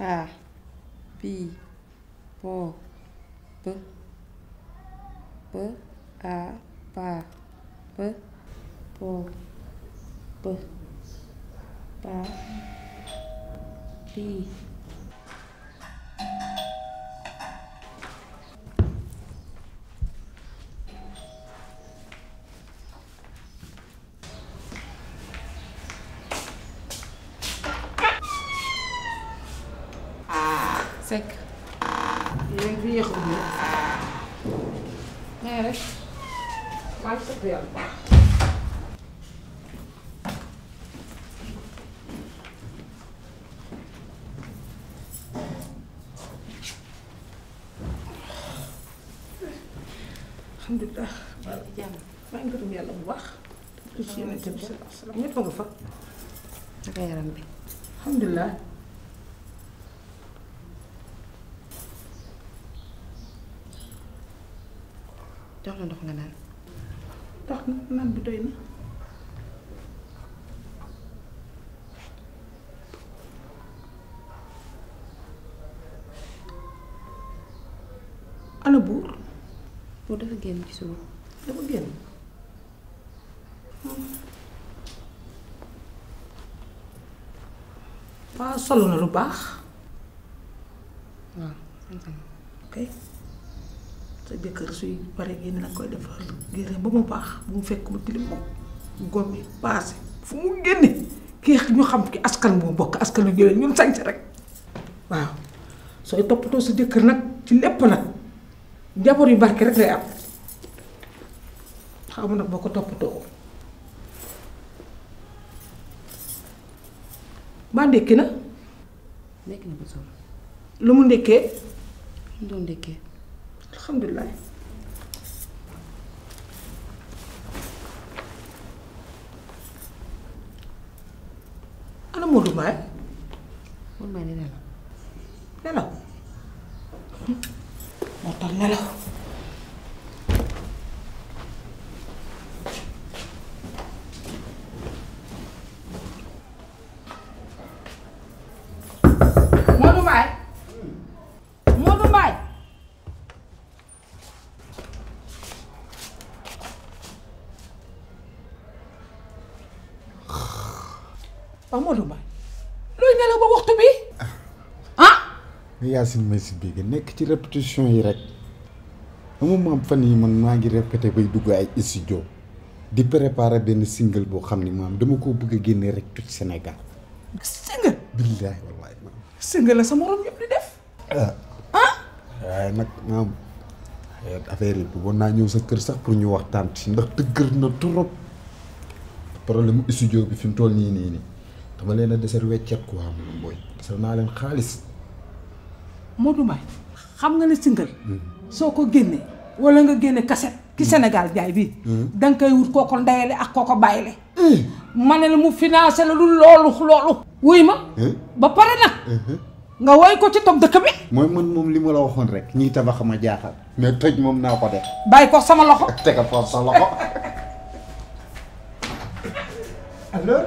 paa pii poo pë pë paa pë poo pë paa pii Seck. léegi bi bi nee rek maa ngi sant yàlla baax. alhamdulilah maa ngi jàmm maa yàlla bu baax. ngi gërëm bu fa. naka yaram bi alhamdulilah. jox la ndox nga naan ndox naan bu doy na ana buur buur dafa génn ci suba dafa génn waaw solo na lu baax waaw ok sa jëkkër suy pare génn la koy defar génne ba mu baax bu mu fekk mu tilim moom gomme paase fu mu génne kii ñu xam ki askan boo bokk askan la jëlee ñun sañse rek waaw toppatoo sa jëkkër nag ci lépp nag njaboot yu barke rek lay am xaw ma nag boo ko toppatoo maa ndékki na lu mu ndékkee lu mu ndékkee alhamdulilah. ana Modou Mbaye. Modou Mbaye di nelaw. nelaw moo tax nelaw. waaw ah, Modou Mbaye looy nelaw ba waxtu bi ah nga Yacine may si biir nekk ci répétition yi rek amu ma am fan yi man maa ngi répété bay dugg ay studio di préparer benn single boo xam ni maam dama koo bugg a génne rek tout Sénégal single billaahi wallaahi maam single sa morom yëpp di def ah, ah? waaye nag maam affaire yi bëggoon naa ñëw sa kër sax pour ñu waxtaan si ndax dëggër na trop problème studio bi fi mu toll nii nii nii dama a desal weccet quoi madame naa leen xaalis. Modou Mbaye xam nga ne single. Hmm. soo ko génnee wala nga génne kaset ki hmm. Sénégal jaay bii. Hmm. da nga koy wut koo ko ndayale ak koo ko bàyyile. Eh. ma ne la mu financé la lu loolu loolu. wuy ma. Eh. ba pare nag. Eh. nga woy ko ci toog dëkk bi. mooy man moom li ma la waxoon rek. ñiy tabax ma jaaxal. mais toj moom naa ko def. bàyyi ko sama loxo. teg ko sa loxo. alors.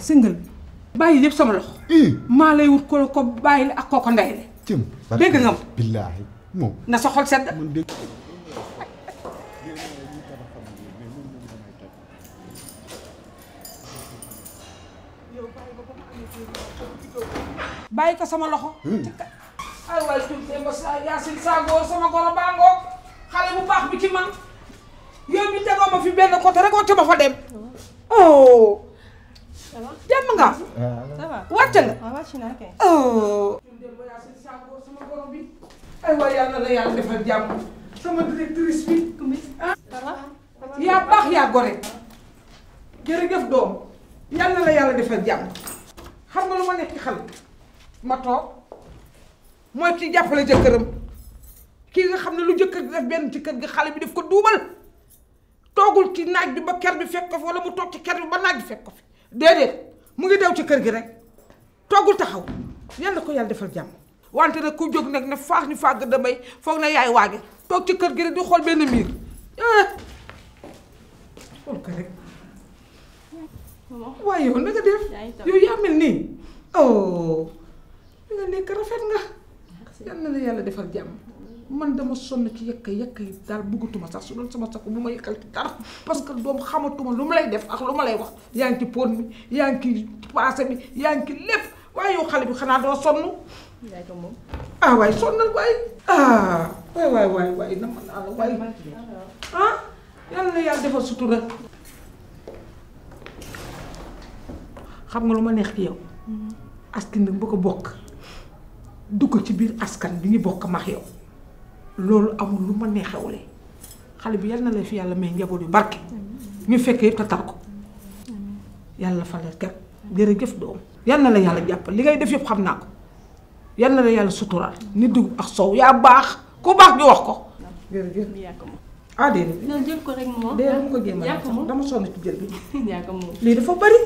single bi bàyyi yëpp loxo. maa lay wut ko ko bàyyi ak kooku ndey la. jëm dégg na sa xol sedd. bàyyi ko sama loxo. Hmm. ay waay tuuti ba sa yaasin saagoo sama xale bu baax bi ci man yow mi tegoo ma fi benn côté rek wacc ma fa dem oh. jàmm nga wàcc nga oh. aywa yàlla na yàlla defal jàmm sama directrice bi ah. yaa baax yaa gore jërëjëf doom yàlla na la yàlla defal jàmm xam nga lu ma nekk xel ma toog mooy ci jàppale jëkkëram kii nga xam ne lu jëkkër def benn ci kër gi xale bi daf ko duubal toogul ci naaj bi ba ker bi fekk ko fi wala mu toog ci ker bi ba naaj bi fekk ko fi déedéet mu ngi daw ci kër gi rek toggul taxaw yàlla ko yàlla defal jàmm wante nag ku jóg nag ne faax ñu fàgg damay foog na yaay waage toog ci kër gi rek di xool benn miir eh. xool ko rek waaye yow na nga def yow yaa nii oh li nga nekk rafet nga yal na yàlla defal jàmm man dama sonn ci yëkka yëkka yi daal bëggatuma sax su doon sama sax bu ma yëkkal ci dara parce que doom xamatuma lu mu def ak ma lay wax yaa ngi ci pon mi yaa ngi ci waaye yow xale bi xanaa doo sonn ah waay sonnal waay ah waay ah, xam nga lu ma neex ci yow mm-hmm. askan bi ko bokk dugg ci biir askan bi ñu bokk max yow loolu amul lu ma nee xale bi yal na la fi yàlla may njaboot yu barke ñu fekkee te tal ko yàlla fale kat jërëjëf doom yal na la yàlla jàppal li ngay def yëpp xam naa ko yal na la yàlla suturaal nit dugub ak soow yaa baax ku baax bi wax ko jërëjëf ah déedéet. non jël ko rek moo. déedéet mu ko jéem dama sonn ci jël bi. lii dafa bari.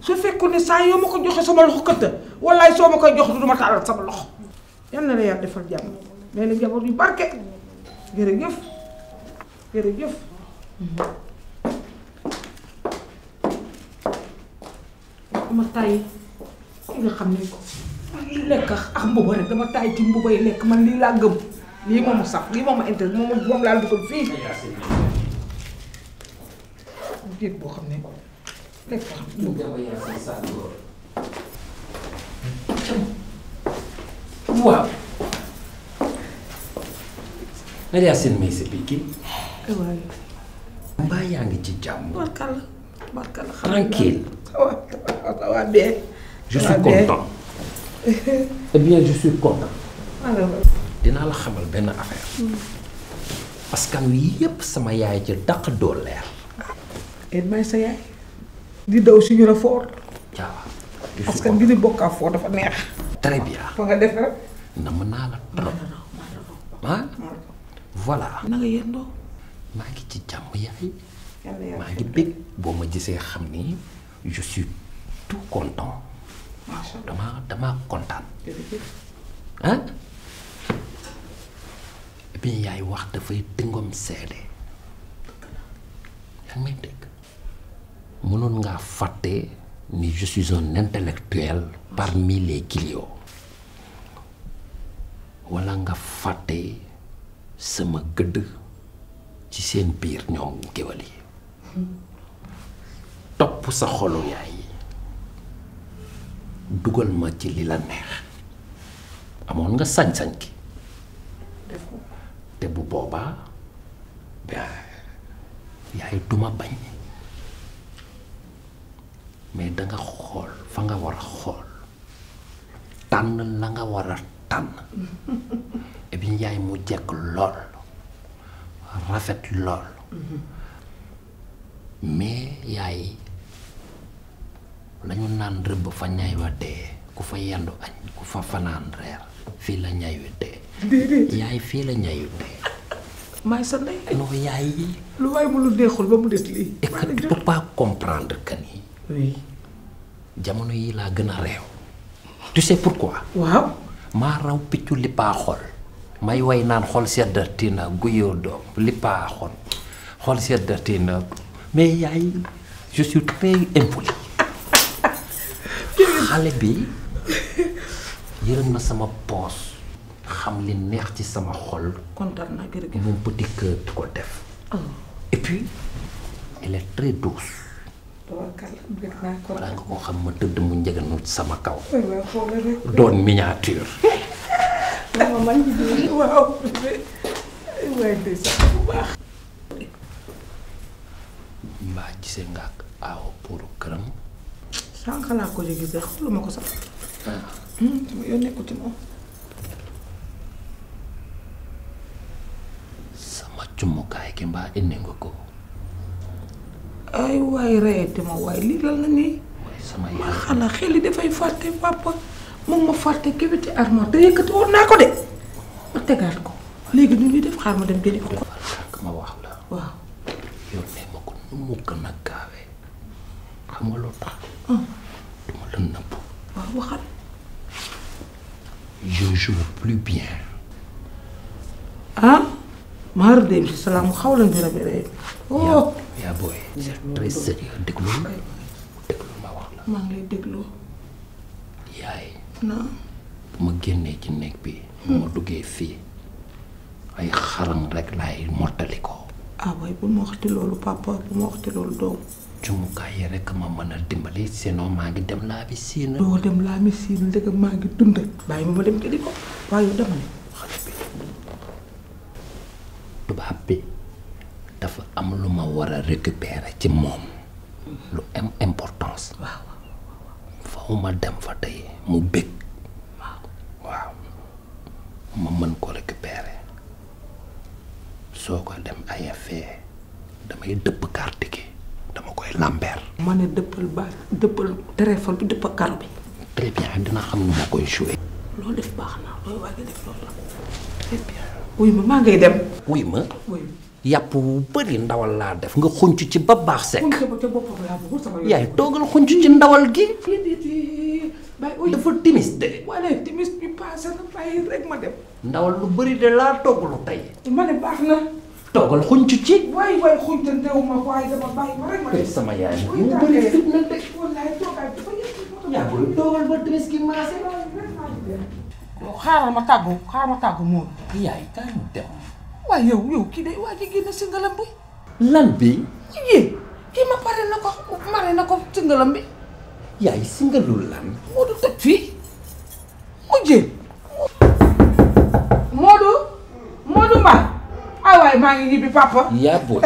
su fekkoon ne saa yoo ma ko joxe sama loxo këtt. walaay soo ma koy jox du ma taalal sama loxo. yal na yàlla defal jàmm. may la njaboot yu barke jërëjëf jërëjëf dama tàyyi ki nga xam ne lii lekk ak mbuba rek dama tàyyi ci mbuba yi lekk man lii laa gëm lii moom sax lii moom a intérêt moom moom laa dugal fii jéeg boo xam ne lekk ak mbuba waaw na Yacine may sa piqué. waaw. mbaa yaa ngi ci jàmm. barkala barkala. tranquille. waaw waaw bien. je suis content. eh bien je suis content. dinaa la xamal benn affaire. Hmm. askan wi yépp sama yaay ci daq doo leer. et may sa yaay. di daw si ñu la foor. waaw. askan bi di bokk a foor dafa neex. très bien. fa nga def rek. Eh? nam naa la trop ah. voilà. maa ngi ci jàmm yaay. maa ngi bég boo ma gisee xam ni je tout content. waaw damaa damaa kontaan. ah. yaay wax dafay dëngoom seede. yaa ngi mënoon ngaa fàtte ni je suis un intellectuel parmi les griots. wala nga fàtte. sama gëdd ci seen biir ñoom géwal yi topp sa xolu yaay yi dugal ma ci li la neex amoon nga sañ-sañ ki te bu boobaa yaay duma bañ mais danga xool fa nga war a xool tànn la nga war a tànn et bien yaay mu jekk lool rafet lool mais yaay lañu naan rëbb fa ñaay wa dee ku fa yendu añ ku fa fanaan reer fii la ñaay wi dee yaay fii la ñaay wi dee maay yaay lu waaye mu lu neexul ba mu des lii et que tu peux pas comprendre que ni jamono yi laa gën a réew tu sais pourquoi waaw maa raw piccu lippaa may woy naan xol seddati na guyoo doom lippaa xol xol seddati na mais yaay je suis très xale bi yërëm na sama poos xam li neex ci sama xol kontaan naa gërëm moom petit ko def oh. et puis elle est balaa nga koo xam ma tëdd mu njëganu sama kaw. doon miniature. mbaa gisee nga ak awo pour këram. sànq laa ko gisee xuluma ko sax. Ah. Hmm, sama yoon nekku ci sama cumukaay ki mbaa indi nga ko. ay waay reyati ma waay lii lan la nii. sama yaay ma xanaa xel yi dafay fàtte papa moom ma fàtte kéwéti armoire te yëkkati woon naa ko de ma tegaat ko léegi ñu ngi def xaar ma dem jëli ko. ma wax la. waaw. a gaawee xam nga waaw waxal. je joue plus bien. ah. maarudee bi salaam xaw la bi rabi rabi. oh ma déglu ma wax la. déglu. yaay. ma génnee ci néeg bi. bu ma hmm. duggee rek laay mottali ko. ah waaye bu ma waxti loolu papa bu ma ma mën dimbali sinon maa ngi dem laa bi siin. doo dem laa bi siin ndegam maa ngi dund. bàyyi ma dem jëli ko waaye dama tubaab bi dafa am lu ma war a récupérer ci moom lu am importance waaw faw ma dem fa tey mu bëgg waaw ma mën ko récupérer soo ko dem ay fee damay dëpp carte gi dama koy lambeer ma ne dëppal ba dëppal téléphone bi dëpp kar bi très bien xam ne ma koy joué loolu def baax na looy waaj a def loolu la wuy ma maa ngay dem. wuy ma. yàpp bu bëri ndawal laa def nga xunc ci ba baax sekk. yaay toogal xunc ci ndawal gi. dafa timis de. wala timis bi paase na bàyyi rek ma dem. ndawal lu bëri de laa toggalu tey. ma ne baax na. toogal xunc ci. waay waay xuncanteewu ma waaye dama bàyyi ma rek ma dem. sama yaay mu bëri fitna de. wallaay toogaay dafa yëg. yaa ngi toogal ba timis gi maase. xaaral ma tàggu xaaral ma tàggu moom. yaay kaay mu dem. waaye yow yow kii de waa ji génn singalam bi. lan bi. jigéen kii ma pare na ko mare na ko singalam bi. yaay singalul lan. Modou tëb fii mu jéem. Modou. Modou Mbaye. ah waaye maa ngi ñibbi papa. yaa booy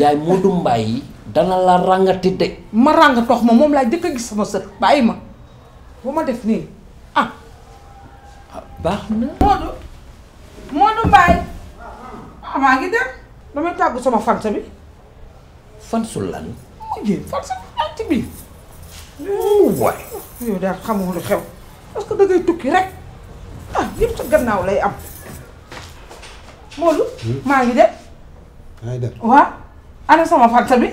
yaay Modou Mbaye dana la ràngati de. ma ràng tox ma moom laa jëkk a gis sama sët bàyyi ma bu ma def nii. baax na. Modou Modou Mbaye. ah maa ngi dem damay tàggu sama fansa bi. fansu lan. mu ngi fansa anti bi. waay. yow daal xamoo lu xew parce que dangay tukki rek ah yëpp sa gannaaw lay am Modou. Hmm? maa maa ngi dem waaw. ana sama fansa bi.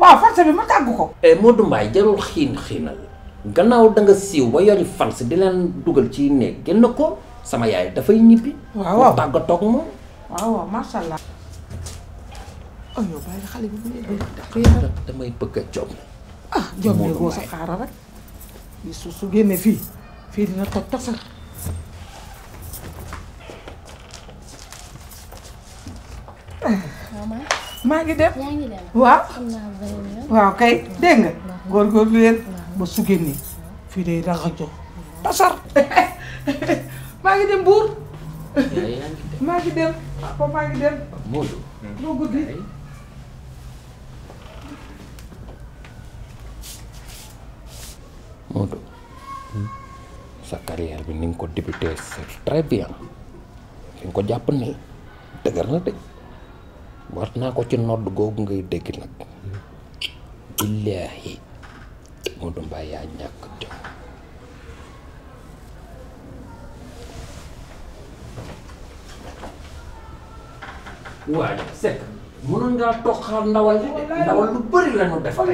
waaw fansa bi ma tàggu ko. Eh, Modou Mbaye jarul xiin xiinal. gannaaw da siiw ba yori fans di leen dugal ci néeg génn ko sama yaay dafay ñibbi. waaw waaw tàggatoo ak moom. waaw waaw macha allah. oh yow bàyyi damay bëgg a jóg. ah jóg maa ngi dem. waaw. waaw kay dégg nga. góorgóorlu leen. ba su génnee fii day raxajo pasar maa ngi dem buur maa ngi dem papa maa bi ni ko débuté c'est très bien ko jàpp nii dëgër na de war naa ko ci nodd googu ngay dégg nag billaahi Modou Mbaye yaa ñàkk jom waaye Seck mënoon ngaa toog xaar ndawal li ndawal lu bëri la ñu defal